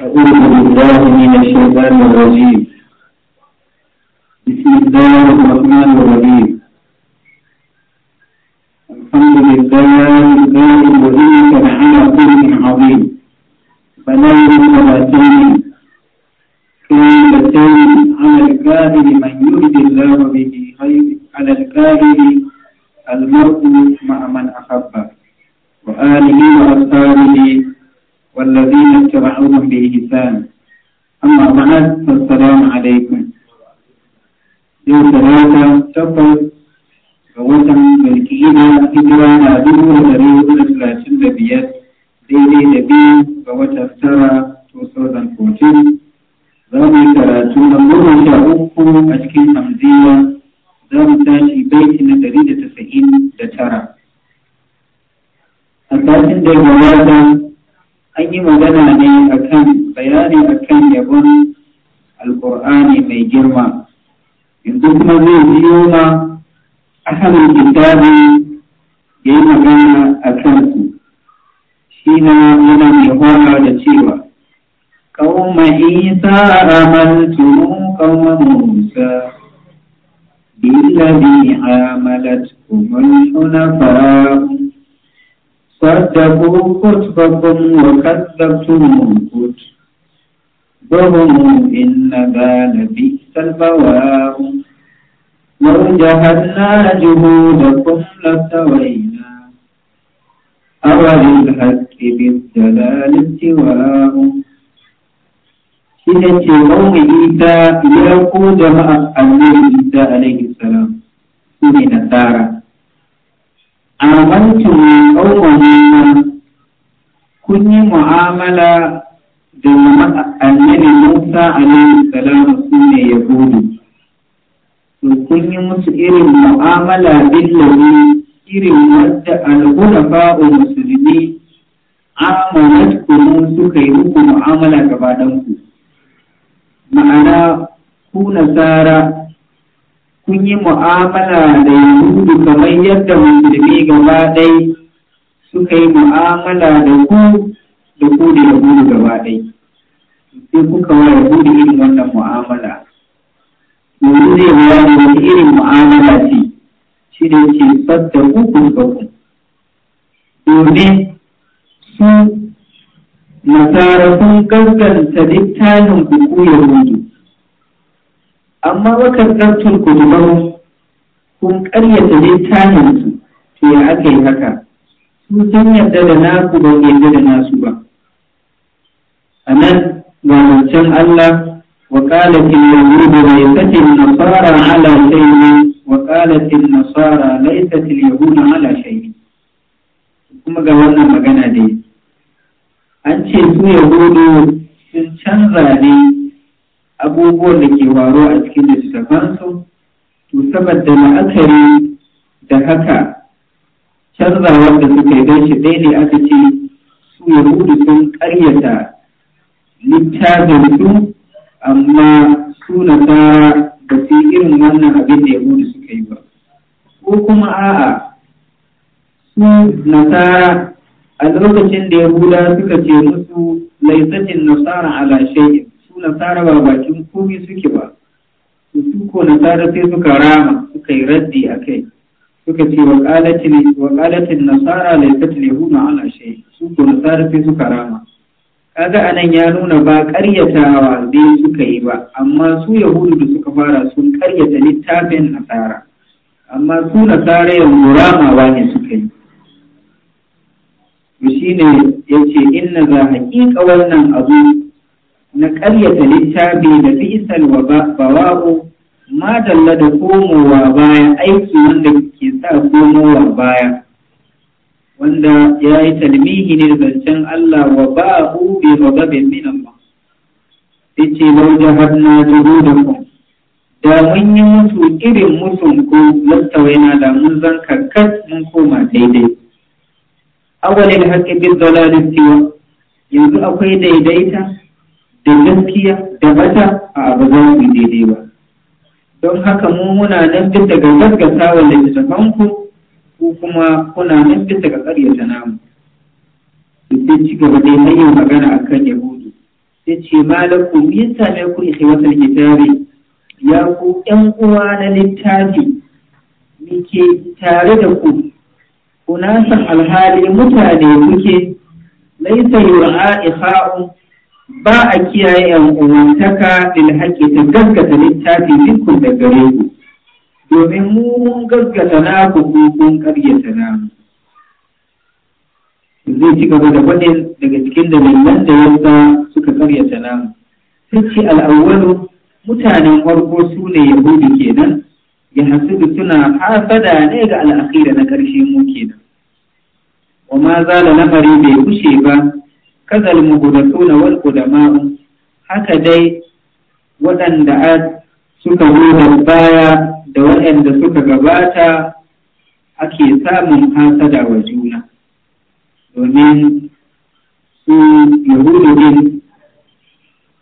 أعوذ بالله من الشيطان الرجيم بسم الله الرحمن الرحيم الحمد لله الذي وإنك على كل عظيم فلا يمكن كلمتين على الكافر من يرد الله به خير على الكافر المرء مع من أحبه وآله وأصحابه والذين اتبعوهم بإحسان أما بعد فالسلام عليكم يوم ثلاثة تقل وطن بالكيدة هجرة نادوه لريد الثلاثين لبيت daidai da biyu ga watan tara 2014 za mu yi karatu na goma sha uku a cikin hamziya za mu tashi baiti na dari da tasa'in da tara a satin da ya an yi magana ne akan bayani akan yabon alkur'ani mai girma yanzu kuma zai biyo ma asalin kitabi ya yi magana a kansu shi na yana mai da cewa Isa قوم عيسى عملتم musa موسى kuma عاملتكم الحنفاء صدقوا خطبكم وكذبتم خطبهم إن ذا لبئس البواب لو جهلنا جهودكم لسوينا أولي الحق بالدلال سواه shine ce rauni ita ya ku jama'a annabi isa alaihi salam su ne nasara a qawman kun yi mu'amala da annabi Musa Salamu salam ne ya to kun yi musu irin mu'amala billahi irin wadda al-hulafa musulmi amalat kuma suka yi muku mu'amala gabaɗanku ma'ana ku nasara Kun yi mu'amala da yahudu kamar yadda musulmi gaba ɗai suka yi mu'amala da ku da ku da yahudu gaba ɗai sai kuka wa yahudu irin wannan mu'amala yanzu zai bayani wani irin mu'amala ce shi da yake fasta ku gaba. domin su nasara sun gaskanta littafin ku ku yahudu amma wakar ɗartun kudubar kun ƙaryata tahinsu, to ya aka yi haka su sun yadda da naku ba yadda da nasu ba a nan ga Allah wa qalat al-yahud laysat an-nasara ala ne, wa qalat nasara laysat al-yahud ala shay'in kuma ga wannan magana dai an ce su yahudu sun canza ne abubuwan da ke waro a cikin littattafansu to saboda la'akari da haka canzawar da suka yi don shi ɗaya ne aka ce su yahudu sun ƙaryata su, amma su nasara ba su irin wannan abin da yahudu suka yi ba ko kuma a'a su nasara a lokacin da yahuda suka ce musu laisatin nasara ala shay'in su nasara ba bakin komai suke ba su suko na nasara sai suka rama suka yi raddi a kai suka ce wa ƙalatin nasara laifat lehuna ala shai su ko nasara sai suka rama kaga anan ya nuna ba wa dai suka yi ba amma su yahudu da suka fara sun karyata littafin nasara amma su nasara yanzu ramawa ne suka yi shi ne ya ce inna za haƙiƙa wannan abu na ƙaryata littafi da fi'isal wa bawa'u ma dalla da komowa baya aiki wanda ke sa komowa baya wanda ya yi talmihi ne zancen Allah wa ba'u bi ghadabin min Allah yace law na juhudakum da mun yi musu irin musun ko lattawaina da mun zan karkar mun koma daidai awalil haqqi bil dalalati yanzu akwai daidaita da gaskiya da bata a ba za mu daidai ba don haka mu muna nan bisa ga gaggasa wa littattafanku ko kuma kuna nan bisa ga ƙaryata namu sai ci gaba dai na yin magana kan yahudu sai ce malaku me yasa ne ku ikhwatul kitabi ya ku ƴan uwa na littafi muke tare da ku kuna san alhali mutane kuke laisa yura ikha'un ba a kiyaye yan uwantaka lil haƙƙi ta gaggata littafi dukkan da gare ku domin mu mun gaggata na ku ko kun ƙaryata na zai ci gaba da wani daga cikin da dalilan da yasa suka ƙaryata na sun ce al'awwalu mutanen farko su ne yahudi kenan ya hasidu suna hasada ne ga al'akhira na ƙarshe mu kenan wa ma zala lamari bai kushe ba kazal mugudatsuna wal qudama'u haka dai waɗanda suka nuna baya da waɗanda suka gabata ake samun hasada wa juna domin su din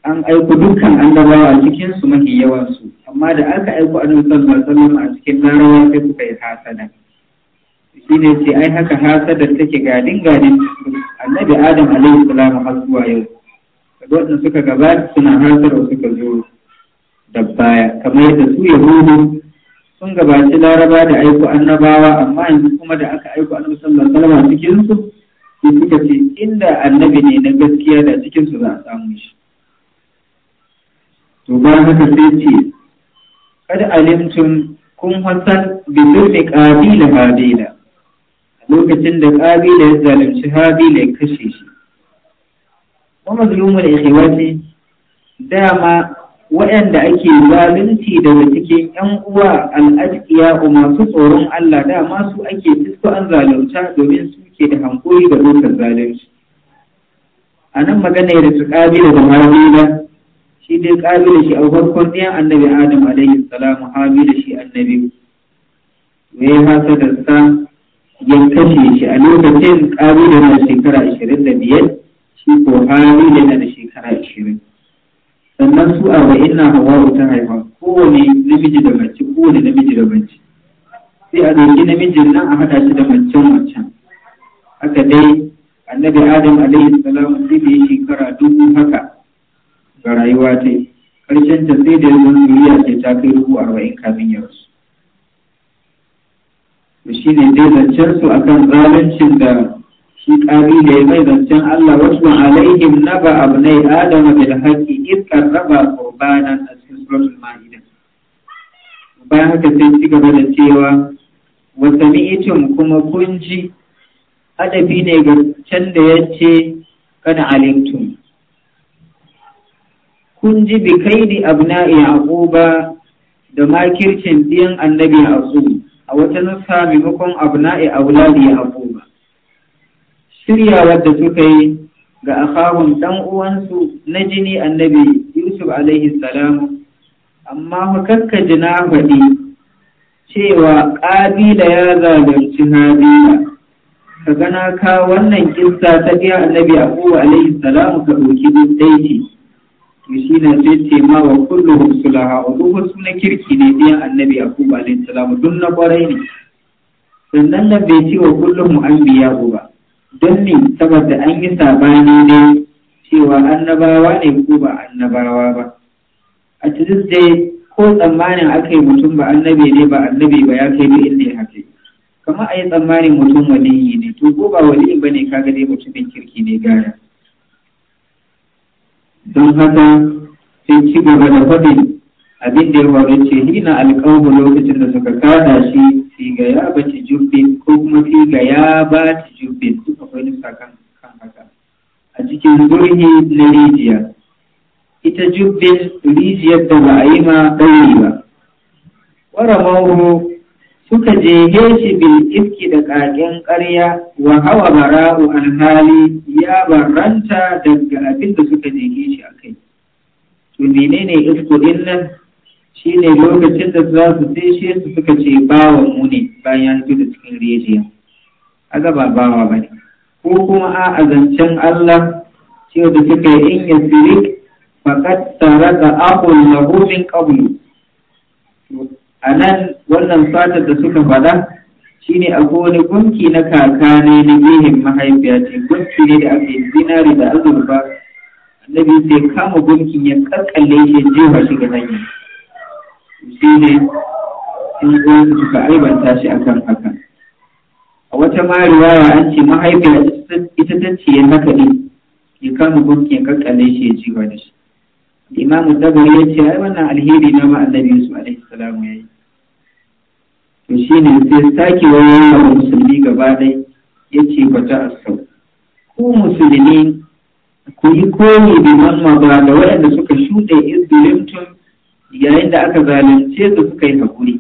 an aiko dukkan annabawa cikin su mafi yawansu amma da aka aiko annabawa sallallahu alaihi wasallam a cikin larawa sai suka yi hasada shine ce ai haka hasadar take gadin gadin annabi adam alaihi salam har zuwa yau kaga wadanda suka gabata suna hasadar suka zo da baya kamar yadda su yahudu sun gabaci laraba da aiko annabawa amma yanzu kuma da aka aiko annabi sallallahu alaihi wasallam cikin su sai suka ce inda annabi ne na gaskiya da cikin su za a samu shi to ba haka sai ce kada alimtum kun hasan bi dukkan qabila habila lokacin da ƙabila ya zalunci habila ya kashe shi wa ke wace dama waɗanda ake zalunci daga cikin ‘yan uwa al'adkiya ko masu tsoron Allah dama su ake fisko an zalunta domin su ke da hankuri da dokar zalunci. A nan magana da su ƙabila da marabila shi dai ƙabila shi a farkon ɗiyan annabi Adam alaihi salamu habila shi annabi. Me ya hasa da sa ya kashe shi a lokacin ƙabilu yana da shekara ashirin da biyar shi ko hali yana da shekara ashirin sannan su a wa'in na hawa ta haifa kowane namiji da mace kowane namiji da mace sai a ɗauki namijin nan a haɗa shi da mace macen haka dai annabi adam alaihi salam sai da ya shekara dubu haka ga rayuwa ta ƙarshen ta sai da yanzu duniya ce ta kai dubu arba'in kafin ya rasu to shi ne dai zancen su akan zalincin da shi ƙabila ya mai zancen Allah wasu alaihim na ba abu na adama bil haƙi iskar raba qurbanan a cikin suratul ma'ida bayan haka sai ci gaba da cewa wa kuma kun ji adabi ne ga can da yace kana alimtum kun ji bi kaidi abna'i yaquba da makircin biyan annabi yaqub a wata nusa maimakon abu auladi ya ba Shirya wadda suka yi ga akawun dan uwansu na jini annabi yusuf alaihi salamu amma kakka jina faɗi cewa ƙabila ya zalunci habila ka gana ka wannan kissa ta biya annabi abuwa alaihi salamu ka ɗauki duk to shi sai ce ma wa kulluhum sulaha ubuhu suna kirki ne biyan annabi yaqub alaihi salam don na kwarai ne sannan nan bai ce wa biya anbiya ba don ne saboda an yi sabani ne cewa annabawa ne ko ba annabawa ba a cikin dai ko tsammanin aka yi mutum ba annabi ne ba annabi ba ya kai bi inda ya haka kamar a yi tsammanin mutum waliyi ne to ko ba waliyi ba ne kaga dai mutumin kirki ne gaya don haka sun ci gaba da faɗin abin da ya faru ce na alƙawu lokacin da suka kada shi fi ga ya bace jubbin ko kuma fi ga ya jubbin duk akwai kan haka a cikin zurhi na rijiya ita jubbin rijiyar da ba a yi ma ɗauri ba mawuru. suka jege shi bil iski da ƙaƙen ƙarya wa hawa bara'u alhali ya barranta daga abin da suka jehe shi a kai. To menene isko din nan shi ne lokacin da za su sai su suka ce bawa mu ne bayan su da cikin rijiya. Aga ba bawa ba ne. Ko kuma a zancen Allah cewa da suka yi in yasirik faqad taraka ga lahu min qablu a nan wannan satar da suka faɗa shine akwai wani gunki na kaka ne na gihin mahaifiya ce gunki ne da ake zinari da azurfa annabi sai kama gunkin ya kakkalle shi jefa shi ga hanya shi ne in uwansu suka aibanta shi akan haka a wata ma riwaya an ce mahaifiya ita ta ce ya ne ya kama gunki ya kakkalle shi ya jefa da shi imamu dabari ya ce ai wannan alheri na ma annabi yusuf alaihi salamu ya yi to shi ne sai sake wayoyin musulmi gaba ɗai ya ce ba ta asau ku musulmi ku yi koyi da mamma ba da waɗanda suka shuɗe izbilimtum yayin da aka zalunce su suka yi haƙuri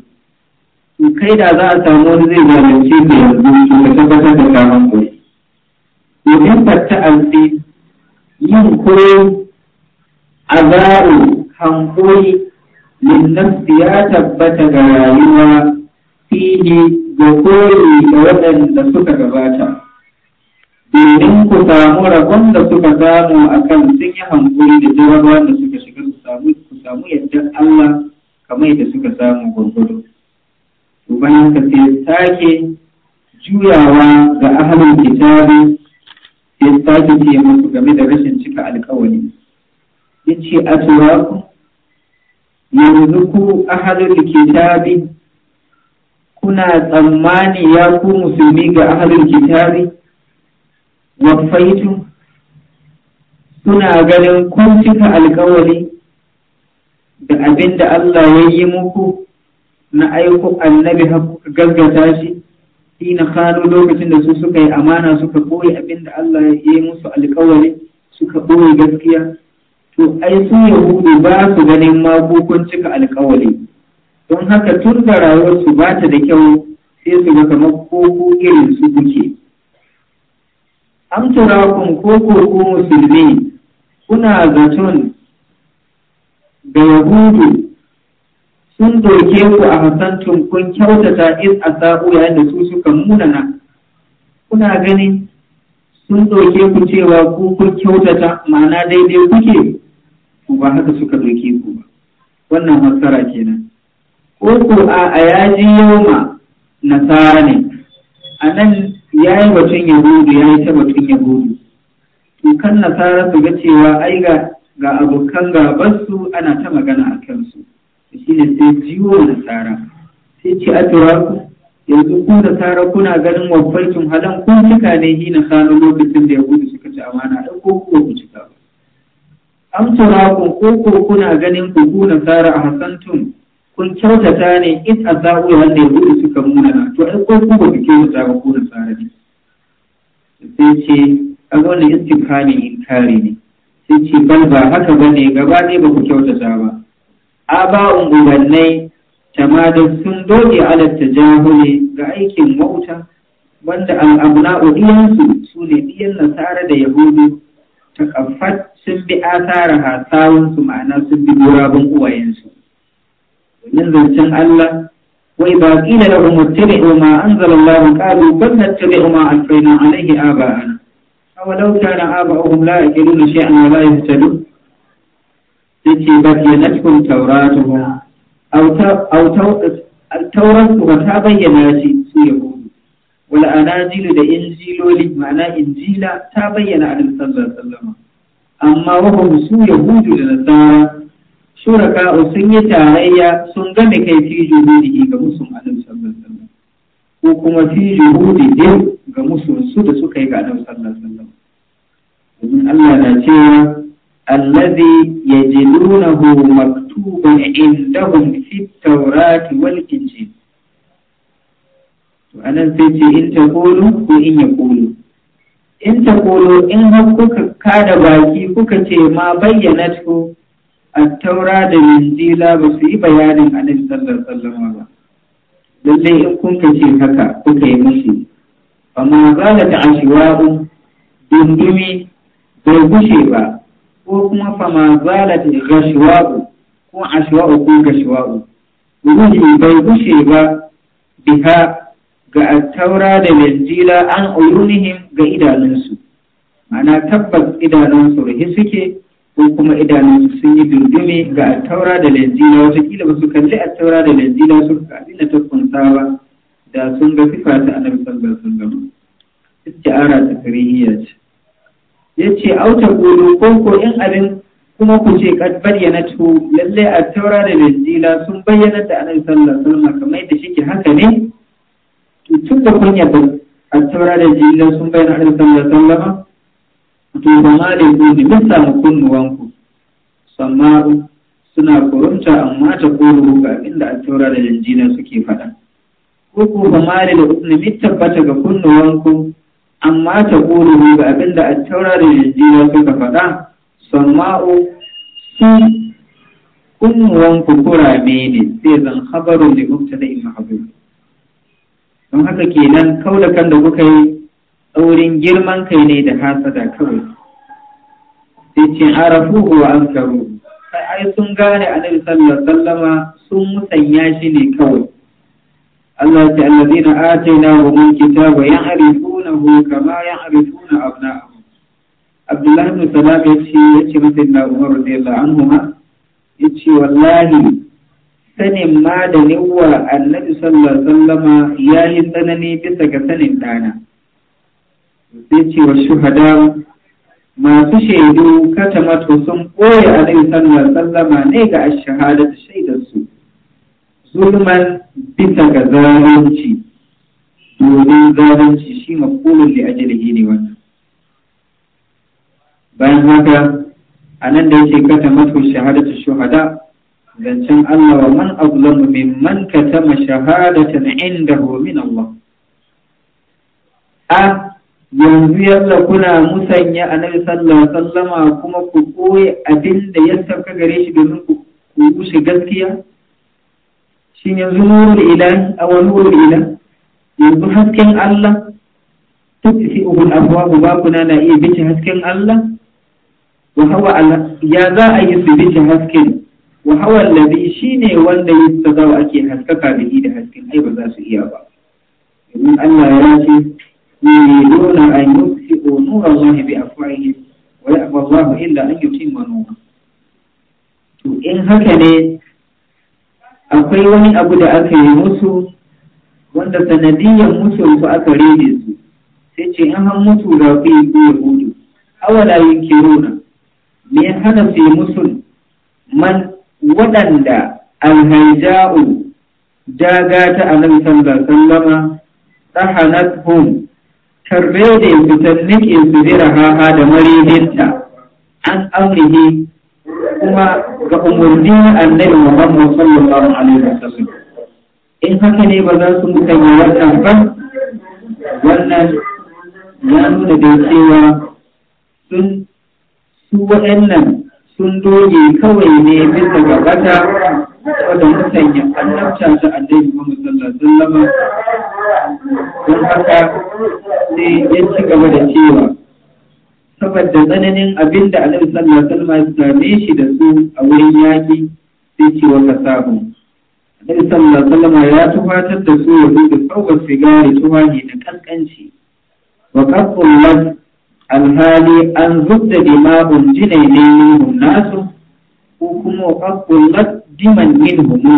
to kai da za a samu wani zai zalunce da yanzu to ka tabbatar da ka haƙuri domin fatta alfi yin ko, azaru hankuri linnafsi ya tabbata ga rayuwa fihi ga kore da waɗanda suka gabata domin ku samu rabon da suka samu a kan sun yi hankuri da jarabawan da suka shiga su samu ku samu yadda Allah kamar da suka samu gwargwado. Ubayan ka sai sake juyawa ga ahalin kitabi sai sake ce musu game da rashin cika alkawari. Ya ce a yanzu ku ahalin kitabi kuna tsammani ya ku musulmi ga ahalin kitabi waffaitu? kuna ganin kun cika alkawari da abin da Allah ya yi muku na aiko annabi kuka gaggata shi ina kano lokacin da su suka yi amana suka ɓoye abin da Allah ya yi musu alkawari suka ɓoye gaskiya to ai su yahudu ba su ganin ma kun cika alkawari don haka tun da su ba ta da kyau sai su ga kamar koko irin su kuke koko ko musulmi kuna zaton da yahudu sun doke ku a hasan kun kyautata is a sa'u yayin da su suka munana kuna ganin sun doke ku cewa ku kun kyautata ma'ana daidai kuke ku ba haka suka doke ku ba wannan masara kenan ko a a ya ji yoma nasara ne a nan ya yi batun yahudu ya yi ta batun yahudu to kan nasara su ga cewa ai ga ga abokan gabansu ana ta magana a kansu shi ne sai jiwo nasara sai ce a turaku yanzu ku nasara kuna ganin wafarkin halan kun cika ne hi na sanu lokacin da ya yahudu suka ci amana da ko ku ku cika ba an ko ku kuna ganin ku ku nasara a hasantun kun kyautata ne in azabu wanda ya buɗe suka na to ai ko ku ba ku kyautata ba ko tsara ne sai ce a ga wannan in kare ne sai ce bal ba haka ba ne gaba ne ba ku kyautata ba a ba ungubannai tamadin sun doge ala tajahuli ga aikin wauta wanda al'amuna diyansu su ne biyan nasara da yahudu ta kafat sun bi asara hasawunsu ma'ana sun bi gurabin uwayensu من zancen الله وإذا قيل لهم اتبعوا ما أنزل الله قالوا بل نتبع ما ألقينا عليه آباءنا أولو كان آباؤهم لا يكلون شيئا ولا يهتدون التي بينتكم توراتهم أو أو التوراة وتبين سيره والأناجيل ده إنجيل معنى إنجيلا تبين على صلى الله عليه وسلم أما وهم سو يهود للنصارى shuraka sun yi tarayya sun gane kai fi juhudihi ga musu annabi sallallahu alaihi wasallam ko kuma fi juhudihi ga musu su da suka yi ga annabi sallallahu alaihi wasallam domin Allah na cewa alladhi yajidunahu maktuban indahum fi tawrati wal injil to anan sai ce in ta kolo ko in ya kolo? in ta kolo in har kuka kada baki kuka ce ma bayyana ku attaura da injila ba su yi bayanin annabi sallar alaihi wasallam ba lallai in kun kace haka kuka yi musu amma zala ta ashiwaru dundumi bai gushe ba ko kuma fama zala ta gashiwaru ko ashiwaru ko gashiwaru gushe bai gushe ba biha ga taura da injila an uyunihim ga idanunsu ma'ana tabbas idanunsu rahi suke kuma idanun sun yi dundumi ga taura da wasu kila ba su kalli a taura da lajina su ka abin da ta kunsa ba da sun ga sifa ta annabi sallallahu alaihi wasallam istiara ta karihiyya ce yace auta qulu ko ko in abin kuma ku ce kad bayyana tu lalle a taura da lajina sun bayyana da annabi sallallahu alaihi wasallam kamar da shi ke haka ne tun da kun yaba a taura da lajina sun bayyana annabi sallallahu alaihi wasallam to ba ma da ku ne mun samu kunnuwanku sannan suna kurunta amma ta koro ga inda attaura da linjila suke faɗa ko ko ba mare da usulmi tabbata ga kunnuwanku amma ta koro ga abinda attaura da linjila suka faɗa sannan su kunnuwan ku kurame ne sai zan habaru da mubtada in mahabub don haka kenan nan, kan da kuka yi tsaurin girman kai ne da hasada kawai sai ce arafuhu an karu. ai sun gane annabi sallallahu alaihi sun musanya shi ne kawai Allah ce allazina atayna wa mun kitaba ya'rifunahu kama ya'rifuna abna'ahum Abdullahi ibn Salam yace yace da Umar radiyallahu Ya yace wallahi sanin ma da niwa annabi sallallahu alaihi ya yi tsanani bisa ga sanin dana sai ce wa shuhada masu shaidu katamatu sun ɓoye alaihi sallallahu sallama ne ga shahada da shaidarsu zulman bisa ga zalunci domin zalunci shi makulun da ajiyar ne wannan bayan haka a nan da yake shahada shahadatu shuhada zancen Allah wa man azlamu ma katama shahadatan indahu min Allah a yanzu yalla kuna musanya a sallallahu alaihi sallama kuma ku koyi abin da ya sauka gare shi domin ku kushe gaskiya shin yanzu nurul ilahi aw nurul ila yanzu hasken Allah fi ubul abwabu ba kuna na iya bice hasken Allah wa hawa ya za a yi su bice hasken wa hawa allazi shine wanda yasta zawa ake haskaka da da hasken ai ba za su iya ba domin Allah ya ce يريدون أن يطفئوا نور الله بأفواههم ويأبى الله إلا أن يتم نوره to in haka ne akwai wani abu da aka yi musu wanda sanadiyyar musu su aka rede su sai ce in han mutu za ku yi ku yahudu awala yin kiruna me ya hana su yi musu man waɗanda alhaija'u daga ta annabi sallallahu alaihi wasallama tahanat home? da ya su tallike su haha da maridinta an amrihi kuma ga umarni annabi Muhammad sallallahu alaihi wasallam in haka ne ba za su mutane wannan ba wannan ya nuna da cewa sun su waɗannan sun doge kawai ne bisa gabata ya musanya annabcin da annabi Muhammad sallallahu alaihi don haka sai ya ci gaba da cewa saboda tsananin abin da annabi sallallahu alaihi wasallam ya same shi da su a wurin yaƙi sai ce wa sabu annabi sallallahu alaihi wasallam ya tufatar da su yanzu da sauwar sigari tufahi da kankanci wa qasullat alhali an zubda dima'un yi nasu ko kuma wa qasullat diman min humu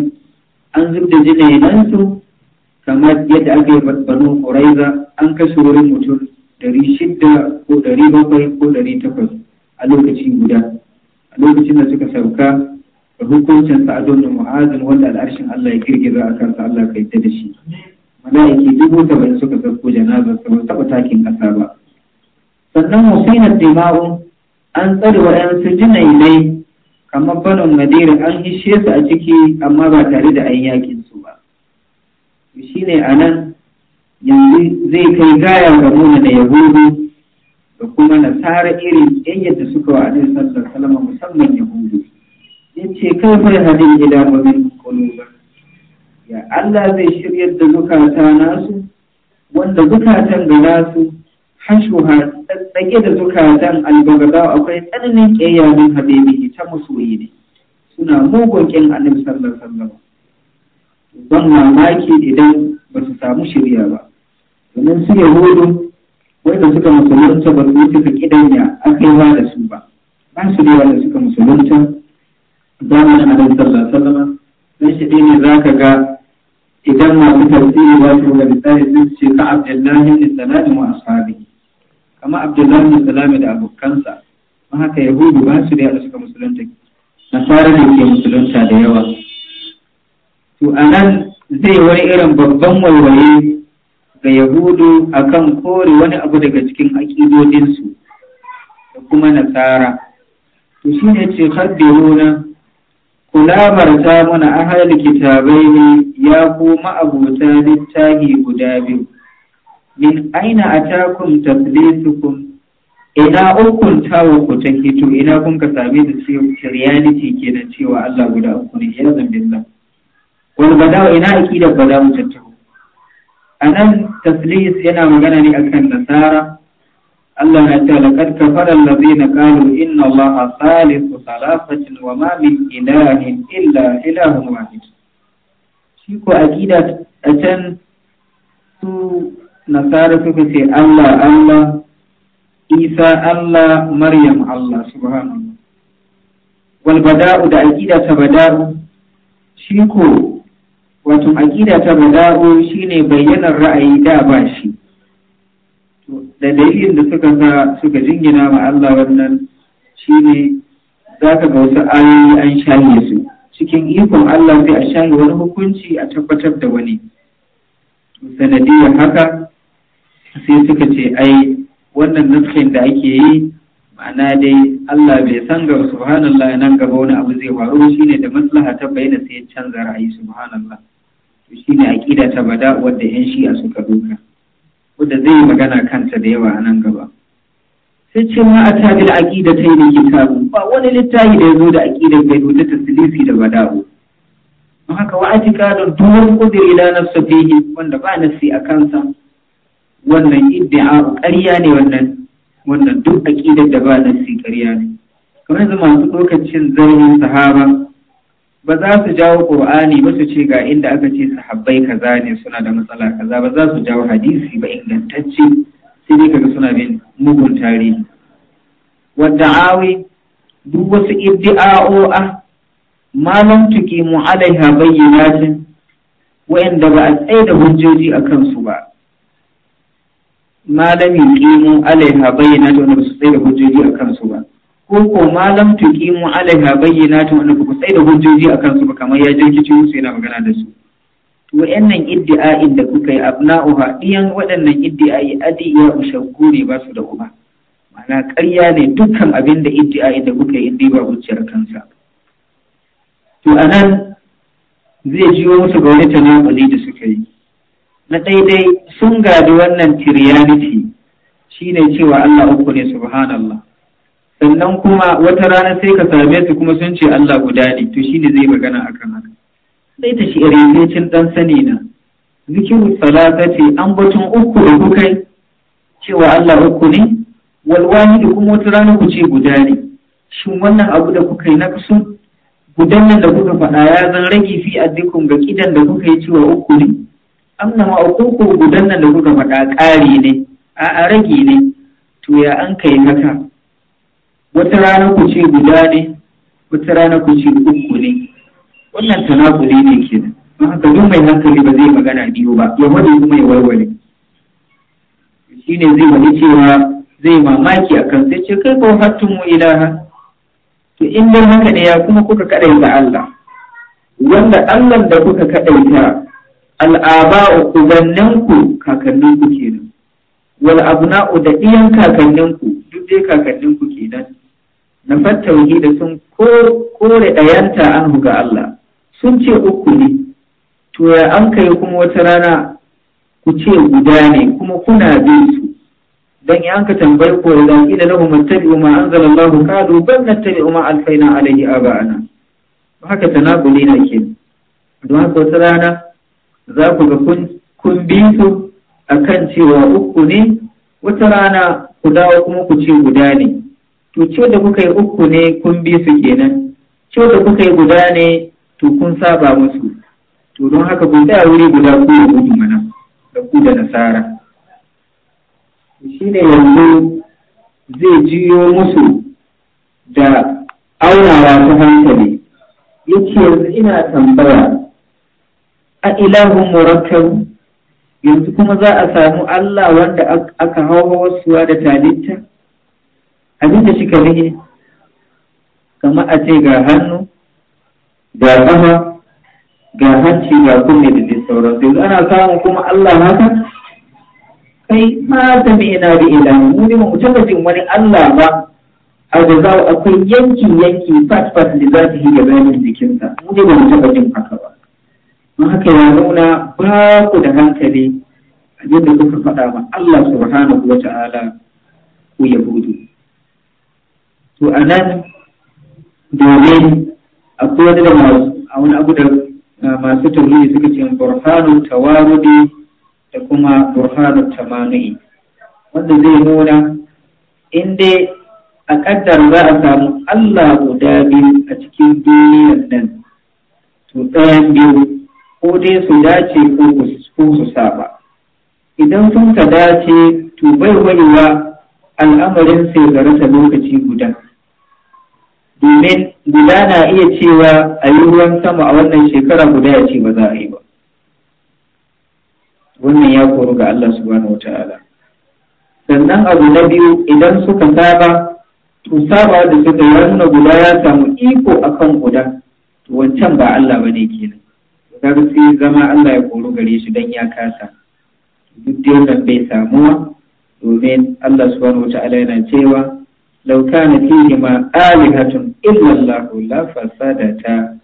an zub da su kamar yadda aka yi banu ƙuraiza an kashe wurin mutum ɗari shida ko ɗari bakwai ko ɗari takwas a lokaci guda a lokacin da suka sauka da hukuncin sa'adun da mu'azin wanda al'arshin Allah ya girgiza a kansa Allah ka yadda da shi mala'iki dubu saba'in suka sauko janaza sa ba taɓa takin ƙasa ba sannan husinar dima'u an tsare wa 'yan su jinainai kamar banon madina an hishe su a ciki amma ba tare da an yakin su ba shi ne a nan yanzu zai kai gaya ga nuna da yahudu da kuma na nasara irin 'yan yadda suka wa alaihi sallallahu alaihi musamman yahudu ya ce kai fara hadin gida ba kuluba ya Allah zai shiryar da zukata nasu wanda zukatan da nasu hashuha tsake da zukatan albagaza akwai tsananin ƙiyayya habibi ta masoyi ne suna mugun ƙin annabi sallallahu alaihi wasallam ban mamaki idan ba su samu shirya ba domin su yahudu wanda suka musulunta ba su suka kidanya akaiwa da su ba ba su da wanda suka musulunta zamanin annabi sallallahu alaihi wasallam dan shi ne zaka ga idan masu tafsiri ba su ga misali sun ce ka abdullahi ibn salam wa ashabihi kama abdullahi bin salami da abokansa ma haka yahudu ba su da yada suka musulunta fara da ke musulunta da yawa to a nan zai wani irin babban waiwaye ga yahudu akan kore wani abu daga cikin aƙidodinsu da kuma nasara to shi ne ce nuna kula marta mana ahal kitabai ne ya kuma abota littafi guda biyu min aina atakum tadlisukum ina ukun tawo ku ta to ina kun ka same da cewa reality da cewa Allah guda uku ne ya zambillah wal badawa ina akidar badawa tattaro anan taslis yana magana ne akan nasara Allah na ce laqad kafara allazina qalu inna allaha salisu salasatin wa ma min ilahin illa ilahun wahid shi ko akida a can su nasara suka ce Allah Allah Isa Allah Maryam Allah subhanallah wal bada'u da aqida ta bada'u shi ko wato aqida ta bada'u shine bayyanar ra'ayi da ba shi da dalilin da suka sa suka jingina ma Allah wannan shine zaka ga wasu ayoyi an shaye su cikin ikon Allah sai a shaye wani hukunci a tabbatar da wani sanadiyar haka sai suka ce ai wannan nuskin da ake yi ma'ana dai Allah bai san ga subhanallah nan gaba wani abu zai faru Shi ne da maslaha ta bayyana sai canza ra'ayi subhanallah to ne aqida ta bada wanda yan shi'a suka doka wanda zai yi magana kanta da yawa a nan gaba sai ce ma a ta bil ta yi kitabu ba wani littafi da zo da aqidar bai ta silisi da bada'u don haka wa'atika da duwar kudir ila nafsa fihi wanda ba nafsi a kansa wannan iddia ƙarya ne wannan wannan duk aƙidar da ba nasi ƙarya ne kamar yanzu masu lokacin zargin sahaba ba za su jawo ƙur'ani ba su ce ga inda aka ce sahabbai kaza ne suna da matsala kaza ba za su jawo hadisi ba ingantacce sai dai kaga suna bin mugun tarihi wadda awi duk wasu iddi'a'o'a malam tuki mu alaiha bayyanatin wa'inda ba a tsaye da hujjoji a kansu ba malam yuqimu alaiha bayyinatu wanda su tsaye da hujjoji a kansu ba ko ko malam tuqimu alaiha bayyinatu wanda ba tsaye da hujjoji a kansu ba kamar ya jirkice musu yana magana da su to wayannan iddi'a'in da kuka yi abna'uha iyan waɗannan iddi'a'i adiya ushakku ne ba su da uba ma'ana ƙarya ne dukkan abin da iddi'a'i da kuka yi indi ba hujjar kansa to anan zai jiwo musu ga wani tanakuli da suka yi na daidai sun gadi wannan tiryaniti shine cewa Allah uku ne subhanallah sannan kuma wata rana sai ka same su kuma sun ce Allah guda ne to shine zai magana kan haka sai ta shi irin dan sani na zikiru ce, an batun uku da kukai cewa Allah uku ne walwani da kuma wata rana ku ce guda ne shin wannan abu da kuka yi na kusu gudan nan da kuka faɗa ya zan rage fi addikun ga kidan da kuka yi cewa uku ne amna ma ko ko gudan nan da kuka faɗa ƙari ne a rage ne to ya an kai haka wata rana ku ce guda ne wata rana ku ce uku ne wannan tanakuli ne ke. don haka duk mai hankali ba zai magana biyu ba ya wani kuma ya warware ne zai wani cewa zai mamaki a kan sai ce kai ko hatun mu ilaha to in dai haka ne ya kuma kuka kadaita Allah wanda Allah da kuka kadaita al'aba'u ubanninku kakanninku kenan wal abna'u da iyan kakanninku duk dai kakanninku kenan na fattauhi da sun kore ɗayanta an ga Allah sun ce uku ne to ya an kai kuma wata rana ku ce guda ne kuma kuna bi su dan ya anka tambayi ko da ila lahu mattabi'u ma anzalallahu qalu bal nattabi'u ma alfaina a ba'ana. haka ta na ke don haka wata rana za ku ga kun bi su a kan cewa uku ne wata rana ku dawo kuma ku ce guda ne to ce da kuka yi uku ne kun bi su kenan ce da kuka yi guda ne to kun saba musu to don haka ku tsaya wuri guda ku ya gudu mana da ku da nasara shi ne yanzu zai jiyo musu da aunawa ta hankali yake yanzu ina tambaya a ilahun murakkabu yanzu kuma za a samu Allah wanda aka hawa wasuwa da talinta abin da shika rage kamar a ce ga hannu ga kama ga hanci ga kunne da sauran sai yanzu ana samun kuma Allah haka kai ma da mai na da ilahun mu ne mu taba jin wani Allah ba a da akwai yanki yanki fat fat da za ta yi ga bayanin jikinsa mu ne mu taba jin haka ba don haka ya nuna ba ku da hankali a yadda kuka faɗa ma Allah subhanahu wa ta'ala ku yahudu to a nan domin akwai wani da a wani abu da masu tauri suka ce burhanu tawarudi da kuma burhanu tamanu'i wanda zai nuna inda a kaddar za a samu Allah guda biyu a cikin duniyar nan to ɗayan biyu ko dai su dace ko su saba idan sun ka dace to bai wayewa al'amarin sai zarata lokaci guda domin guda na iya cewa a yi ruwan sama a wannan shekara guda ya ce ba za a yi ba wannan ya koru ga Allah subhanahu wata'ala sannan abu na biyu idan suka saba to saba da suka yi wannan guda ya samu iko akan guda to wancan ba Allah bane kenan kaga sai zama Allah ya koro gare shi dan ya kasa duk da wannan bai samuwa domin Allah subhanahu wata'ala yana cewa law kana fihi ma alihatun illa Allah la fasadata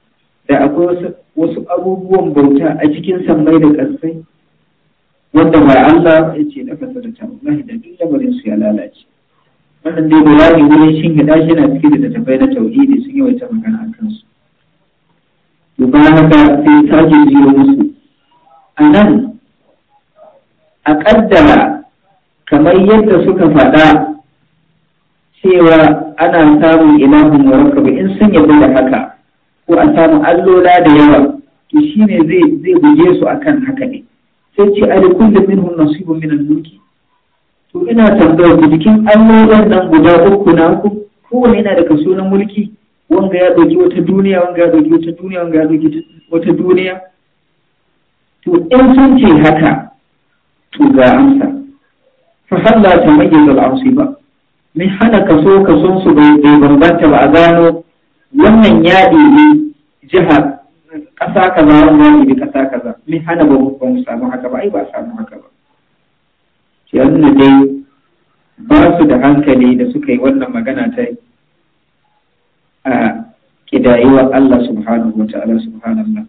da akwai wasu abubuwan bauta a cikin sammai da ƙasai wanda ba Allah ya ce na fasadata wallahi da duk lamarin su ya lalace wannan dai bayani wurin shin gida shi na cikin da tafai na tauhidi sun yi wata magana a kansu mubaraka sai sake biyo musu a nan a ƙaddara kamar yadda suka faɗa cewa ana samun ilahun ba, in sun yadda da haka ko a samu allola da yawa to shi ne zai buge su akan haka ne sai ce a min hun nasibun min al-mulki to ina tambayar ku jikin allolan nan guda uku na ku kowane yana da kaso na mulki wanga ya ɗauki wata duniya wanga ya ɗauki wata duniya wanga ya ɗauki wata duniya to in sun ce haka to ga amsa fa halla ta mayyaz al ba mai hana kaso kason su bai bambanta ba a gano wannan ya ɗebi jiha ƙasa kaza wannan ya ɗebi ƙasa kaza mai hana ba mu samu haka ba ai ba samu haka ba yanzu dai ba su da hankali da suka yi wannan magana ta a kidayewa Allah subhanahu wa ta'ala subhanallah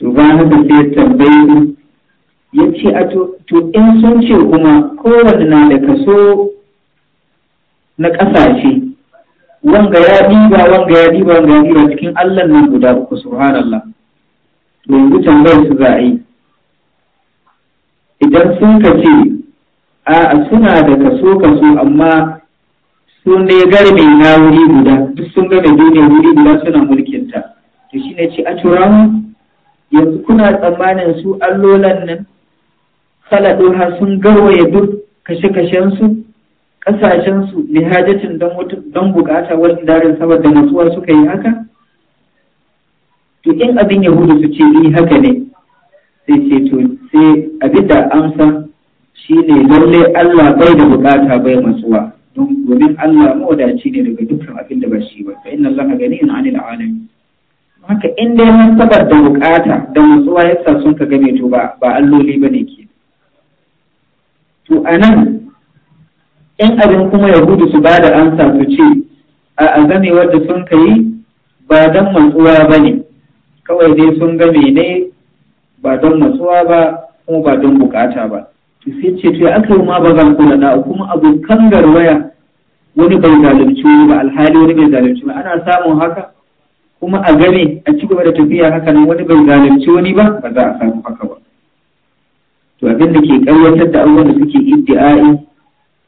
to ba da sai tambayi ya ce a to in sun ce kuma kowanne na da kaso na ƙasashe wanga ya diba wanga ya diba wanga ya diba cikin Allah nan guda uku subhanallah to yanzu tambayar su za a yi idan sun ka ce a suna da kaso kaso amma sun gari mai na wuri guda duk sun ga mai duniya wuri guda suna mulkinta to shi ne ce a turawa yanzu kuna tsammanin su allolan nan har sun garwaye duk kashe-kashensu ne hajjacin don bukata wani darin saboda nasuwa suka yi haka to in abin yahudu su ce yi haka ne sai ce to sai abin da amsa shi ne lallai allah bai da bukata bai matsuwa domin Allah mawadaci ne daga dukkan abin da ba shi ba fa inna Allah ganiyun 'anil alami. haka in dai mun sabar da bukata da matsuwa yasa sun ka game to ba ba alloli bane ke to anan in abin kuma yahudu su ba da ansa su ce a azami wadda sun kai ba don matsuwa ba ne kawai dai sun gane ne ba don matsuwa ba kuma ba don bukata ba sai ce sai aka yi ma ba zan kula da kuma abokan garwaya wani bai zalunci wani ba alhali wani bai zalunci ba ana samun haka kuma a gani a ci gaba da tafiya haka nan wani bai zalunci wani ba ba za a samu haka ba to abin da ke karwatar da abubuwan da suke iddi'ai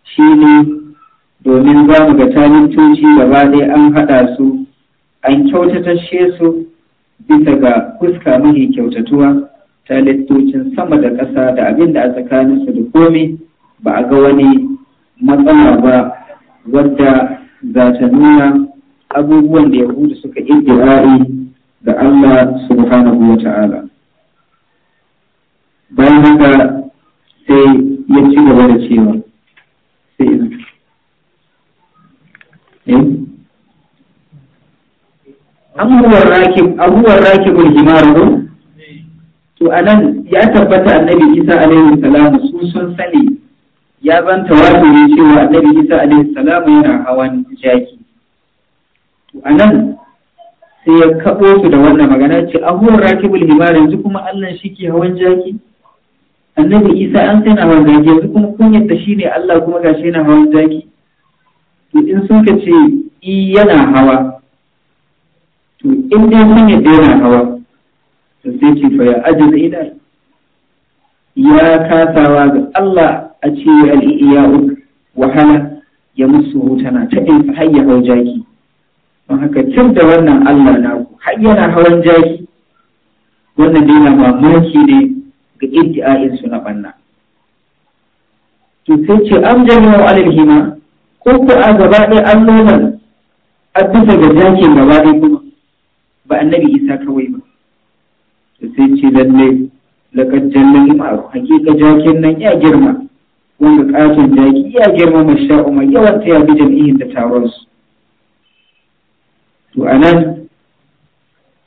shi ne domin za mu ga talintoci gaba ɗaya an haɗa su an kyautatashe su bisa ga fuska mahi kyautatuwa ta littocin sama da ƙasa da abin da a tsakaninsu da komai ba a ga wani matsala ba wadda za ta nuna abubuwan da yahudu suka ƙirƙirari ga Allah subhanahu wa ta'ala. Bayan haka sai ya ci gaba da cewa sai ina. Eh? Abubuwan rakibul himar to anan ya tabbata annabi isa alaihi salamu su sun sani ya zanta ne cewa annabi isa alaihi salamu yana hawan jaki to anan sai ya kaɓo su da wannan magana ce ahuwar rakibul himar yanzu kuma allah shi ke hawan jaki annabi isa an sai na hawan jaki yanzu kuma kunyar shi ne allah kuma shi yana hawan jaki to in sun ka ce i yana hawa to in dai kunyar da yana hawa yake faya fa ya ajin idan ya kasawa ga Allah a ce ya wahala ya musu hutana ta ɗin har hawan jaki don haka cin da wannan Allah naku har yana hawan jaki wannan dai na mamaki ne ga iddi'a'in su na banna to sai ce an jami wa hima ko ko a gaba ɗaya an nuna a bisa ga jakin gaba ɗaya kuma ba annabi isa kawai ba sai ce lalle laƙar jannan ma hakika jakin nan ya girma wanda ƙaton jaki ya girma mai sha'u mai yawan ta yabi jam'iyyar da taron su to a nan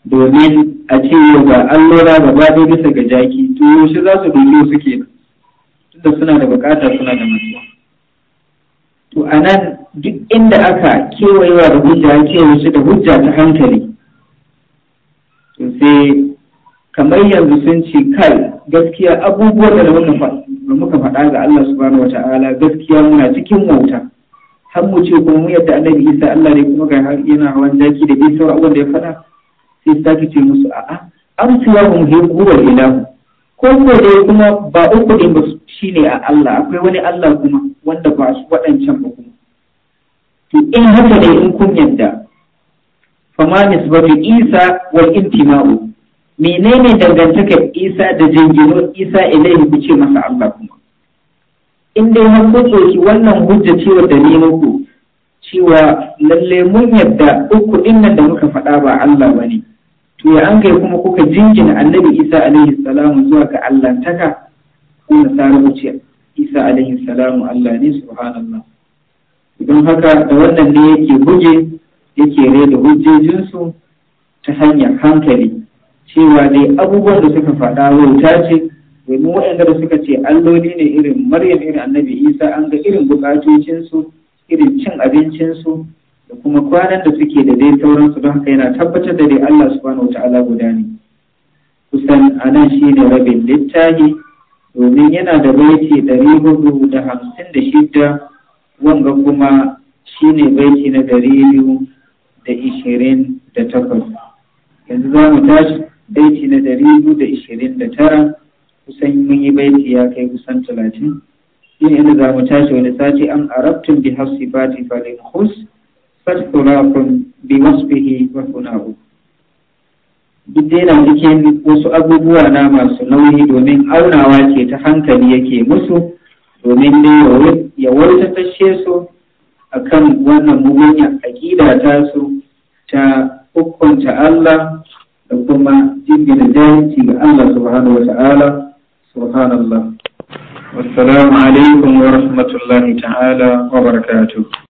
domin a ce yau ga allura gaba ɗaya bisa ga jaki to yaushe za su wasu su nan, tunda suna da bukata suna da matsuwa to a nan duk inda aka kewayewa da hujja a kewaye su da hujja ta hankali to sai kamar yanzu sun ce kai gaskiya abubuwan da muka faɗa ga Allah subhanahu wata'ala gaskiya muna cikin wauta har mu ce kuma mu yadda annabi Isa Allah ne kuma ga yana hawan daki da bai sauran abubuwan da ya faɗa sai su take ce musu a'a an tuwa mu je gura ilahu ko ko dai kuma ba uku din ba shine a Allah akwai wani Allah kuma wanda ba su waɗancan ba kuma to in haka dai in kun yadda ma nisbatu Isa wal intima'u menene dangantakar isa da jingino isa ilaihi ku ce masa Allah kuma in dai har ku wannan hujja cewa da ni muku cewa lalle mun yadda uku din nan da muka faɗa ba Allah ba ne to ya an kuma kuka jingina annabi isa alaihi salamu zuwa ga Allah taka ku nasara ku ce isa alaihi salamu Allah ne subhanallah don haka da wannan ne yake buge yake da hujjojinsu ta hanyar hankali cewa dai abubuwan da suka faɗa wauta ce domin waɗanda da suka ce alloli ne irin maryam irin annabi isa an ga irin bukatocinsu irin cin abincinsu da kuma kwanan da suke da dai sauransu don haka yana tabbatar da dai allah subhanahu wa ta'ala guda ne kusan a shi ne rabin littahi domin yana da baiti ɗari hudu da hamsin da shidda wanga kuma shi ne baiti na ɗari biyu da ishirin da takwas yanzu za mu tashi baiti na dari biyu da ishirin da tara kusan mun yi baiti ya kai kusan talatin shi ne za mu tashi wani sati an arabtun bi hafsi fati falin hus fatkulakun bi wasu wa uku. duk na cikin wasu abubuwa na masu nauyi domin aunawa ke ta hankali yake musu domin ne ya wartatashe su kan wannan mugunya aƙida ta su ta hukunta Allah da kuma jingina jayanci ga Allah subhanahu wa ta'ala subhanallah wassalamu alaikum wa rahmatullahi ta'ala wa barakatuh